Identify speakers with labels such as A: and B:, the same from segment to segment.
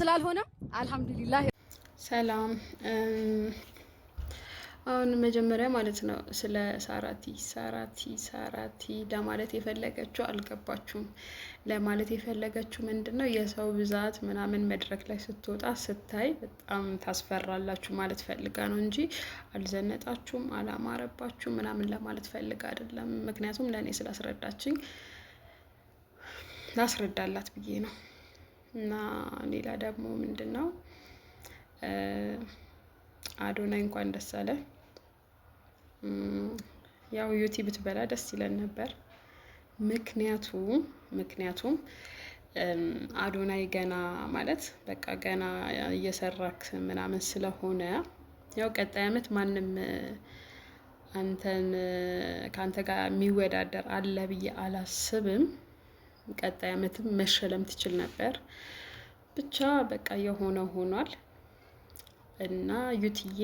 A: ስላልሆነ አልሐምዱሊላህ።
B: ሰላም አሁን መጀመሪያ ማለት ነው ስለ ሳራቲ ሳራቲ ሳራቲ ለማለት የፈለገችው አልገባችሁም። ለማለት የፈለገችው ምንድን ነው የሰው ብዛት ምናምን መድረክ ላይ ስትወጣ ስታይ በጣም ታስፈራላችሁ ማለት ፈልጋ ነው እንጂ አልዘነጣችሁም፣ አላማረባችሁም ምናምን ለማለት ፈልጋ አይደለም። ምክንያቱም ለእኔ ስላስረዳችኝ ላስረዳላት ብዬ ነው። እና ሌላ ደግሞ ምንድን ነው አዶናይ እንኳን ደስ አለ። ያው ዩቲ ብትበላ ደስ ይለን ነበር። ምክንያቱም ምክንያቱም አዶናይ ገና ማለት በቃ ገና እየሰራክ ምናምን ስለሆነ ያው ቀጣይ አመት ማንም አንተን ከአንተ ጋር የሚወዳደር አለ ብዬ አላስብም። ቀጣይ አመትም መሸለም ትችል ነበር። ብቻ በቃ የሆነ ሆኗል እና ዩትዬ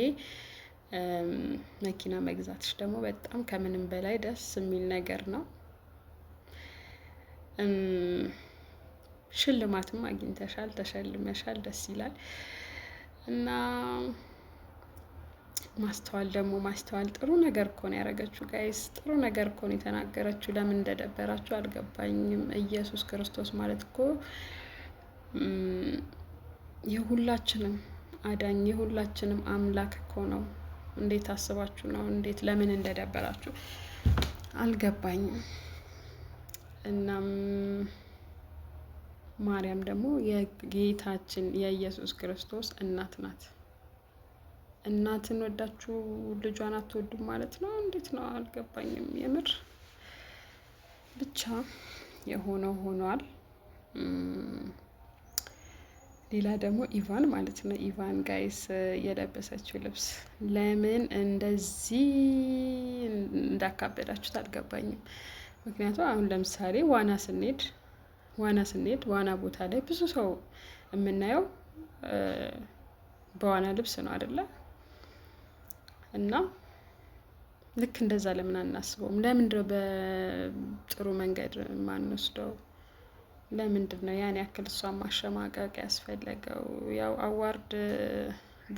B: መኪና መግዛትሽ ደግሞ በጣም ከምንም በላይ ደስ የሚል ነገር ነው። ሽልማትም አግኝተሻል፣ ተሸልመሻል። ደስ ይላል እና ማስተዋል ደግሞ ማስተዋል ጥሩ ነገር እኮ ነው ያደረገችው። ጋይስ ጥሩ ነገር እኮ ነው የተናገረችው። ለምን እንደደበራችሁ አልገባኝም። ኢየሱስ ክርስቶስ ማለት እኮ የሁላችንም አዳኝ የሁላችንም አምላክ እኮ ነው። እንዴት አስባችሁ ነው? እንዴት ለምን እንደደበራችሁ አልገባኝም። እናም ማርያም ደግሞ የጌታችን የኢየሱስ ክርስቶስ እናት ናት። እናትን ወዳችሁ ልጇን አትወዱም ማለት ነው? እንዴት ነው አልገባኝም። የምር ብቻ የሆነው ሆኗል። ሌላ ደግሞ ኢቫን ማለት ነው። ኢቫን ጋይስ የለበሰችው ልብስ ለምን እንደዚህ እንዳካበዳችሁት አልገባኝም። ምክንያቱም አሁን ለምሳሌ ዋና ስንሄድ ዋና ስንሄድ ዋና ቦታ ላይ ብዙ ሰው የምናየው በዋና ልብስ ነው አይደለም። እና ልክ እንደዛ ለምን አናስበውም? ለምንድነው በጥሩ መንገድ ማንወስደው? ለምንድን ነው ያን ያክል እሷን ማሸማቀቅ ያስፈለገው? ያው አዋርድ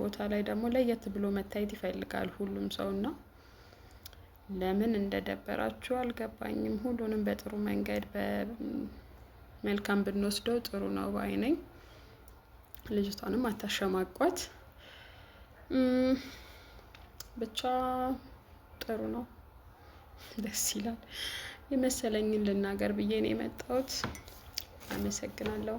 B: ቦታ ላይ ደግሞ ለየት ብሎ መታየት ይፈልጋል ሁሉም ሰው እና ለምን እንደደበራችሁ አልገባኝም። ሁሉንም በጥሩ መንገድ በመልካም ብንወስደው ጥሩ ነው ባይ ነኝ። ልጅቷንም አታሸማቋት። ብቻ ጥሩ ነው፣ ደስ ይላል። የመሰለኝን ልናገር ብዬ ነው የመጣሁት። አመሰግናለሁ።